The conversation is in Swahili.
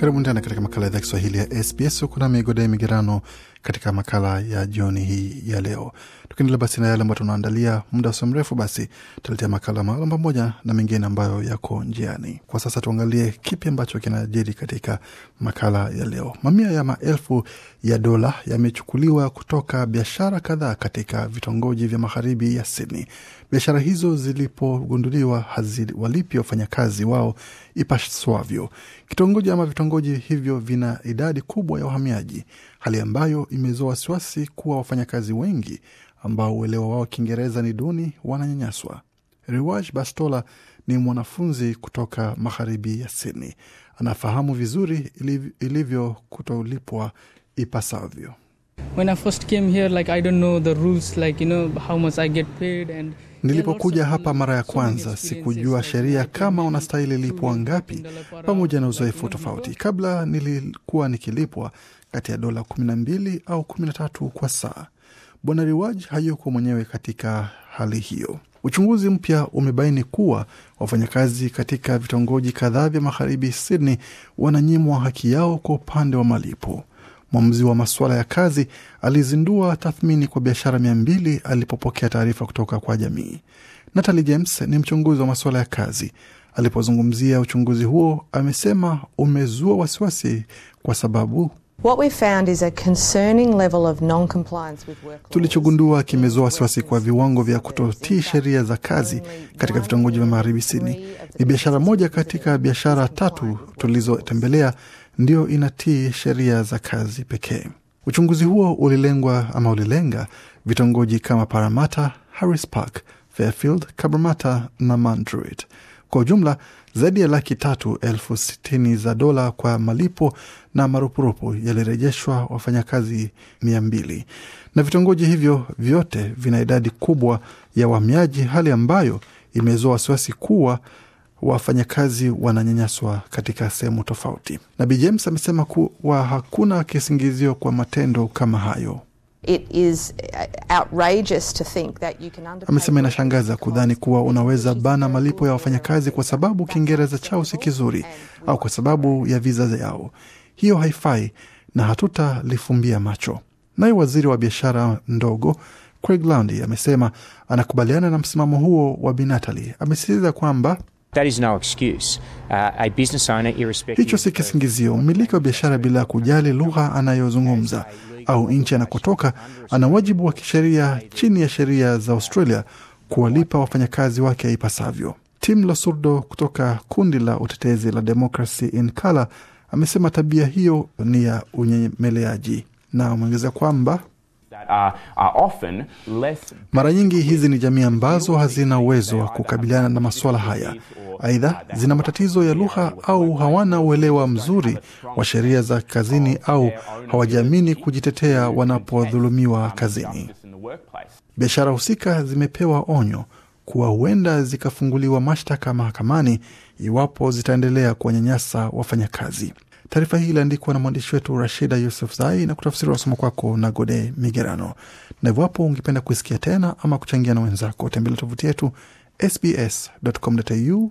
Karibu tena katika makala ya Kiswahili ya SBS. Kuna migodea migerano katika makala ya jioni hii ya leo, tukiendelea basi na yale ambayo tunaandalia muda usio mrefu, basi tutaletea makala maalum pamoja na mengine ambayo yako njiani. Kwa sasa, tuangalie kipi ambacho kinajiri katika makala ya leo. Mamia ya maelfu ya dola yamechukuliwa kutoka biashara kadhaa katika vitongoji vya magharibi ya Sydney biashara hizo zilipogunduliwa haziwalipi wafanyakazi wao ipaswavyo. Kitongoji ama vitongoji hivyo vina idadi kubwa ya wahamiaji, hali ambayo imezua wasiwasi kuwa wafanyakazi wengi ambao uelewa wao Kiingereza ni duni wananyanyaswa. Riwaj Bastola ni mwanafunzi kutoka magharibi ya Sydney, anafahamu vizuri ilivyo kutolipwa ipasavyo when I first came here like I don't know the rules like you know how much I get paid and Nilipokuja hapa mara ya kwanza sikujua sheria kama unastahili lipwa ngapi, pamoja na uzoefu tofauti. Kabla nilikuwa nikilipwa kati ya dola 12 au 13 kwa saa. Bwana Riwaj hayuko mwenyewe katika hali hiyo. Uchunguzi mpya umebaini kuwa wafanyakazi katika vitongoji kadhaa vya magharibi Sydney wananyimwa haki yao kwa upande wa malipo mwamzi wa masuala ya kazi alizindua tathmini kwa biashara mia mbili alipopokea taarifa kutoka kwa jamii. natali James ni mchunguzi wa masuala ya kazi. Alipozungumzia uchunguzi huo, amesema umezua wasiwasi kwa sababu Tulichogundua kimezua wasiwasi kwa viwango vya kutotii sheria za kazi katika vitongoji vya magharibi Sydney. Ni biashara moja katika biashara tatu tulizotembelea ndio inatii sheria za kazi pekee. Uchunguzi huo ulilengwa ama ulilenga vitongoji kama Paramata, Harris Park, Fairfield, Cabramatta na Mandurah kwa ujumla zaidi ya laki tatu elfu sitini za dola kwa malipo na marupurupu yalirejeshwa wafanyakazi mia mbili na vitongoji hivyo vyote vina idadi kubwa ya wahamiaji, hali ambayo imezoa wasiwasi kuwa wafanyakazi wananyanyaswa katika sehemu tofauti. Nabii James amesema kuwa hakuna kisingizio kwa matendo kama hayo. Uh, amesema inashangaza kudhani kuwa unaweza bana malipo ya wafanyakazi kwa sababu Kiingereza chao si kizuri au kwa sababu ya viza yao. Hiyo haifai na hatutalifumbia macho. Naye waziri wa biashara ndogo Craig Landie amesema anakubaliana na msimamo huo wa Binatali. Amesisitiza kwamba That is no excuse. Uh, a business owner irrespective... hicho si kisingizio. Mmiliki wa biashara bila kujali lugha anayozungumza au nchi anakotoka, ana wajibu wa kisheria chini ya sheria za Australia kuwalipa wafanyakazi wake ipasavyo. Tim Lasurdo kutoka kundi la utetezi la Democracy in Colour amesema tabia hiyo ni ya unyemeleaji na ameongeza kwamba mara nyingi hizi ni jamii ambazo hazina uwezo wa kukabiliana na masuala haya Aidha, zina matatizo ya lugha au hawana uelewa mzuri wa sheria za kazini au hawajiamini kujitetea wanapodhulumiwa kazini. Biashara husika zimepewa onyo kuwa huenda zikafunguliwa mashtaka mahakamani iwapo zitaendelea kuwanyanyasa wafanyakazi. Taarifa hii iliandikwa na mwandishi wetu Rashida Yusuf Zai na kutafsiriwa somo kwako na Gode Migerano. Na iwapo ungependa kuisikia tena ama kuchangia na wenzako, tembelea tovuti yetu sbs.com.au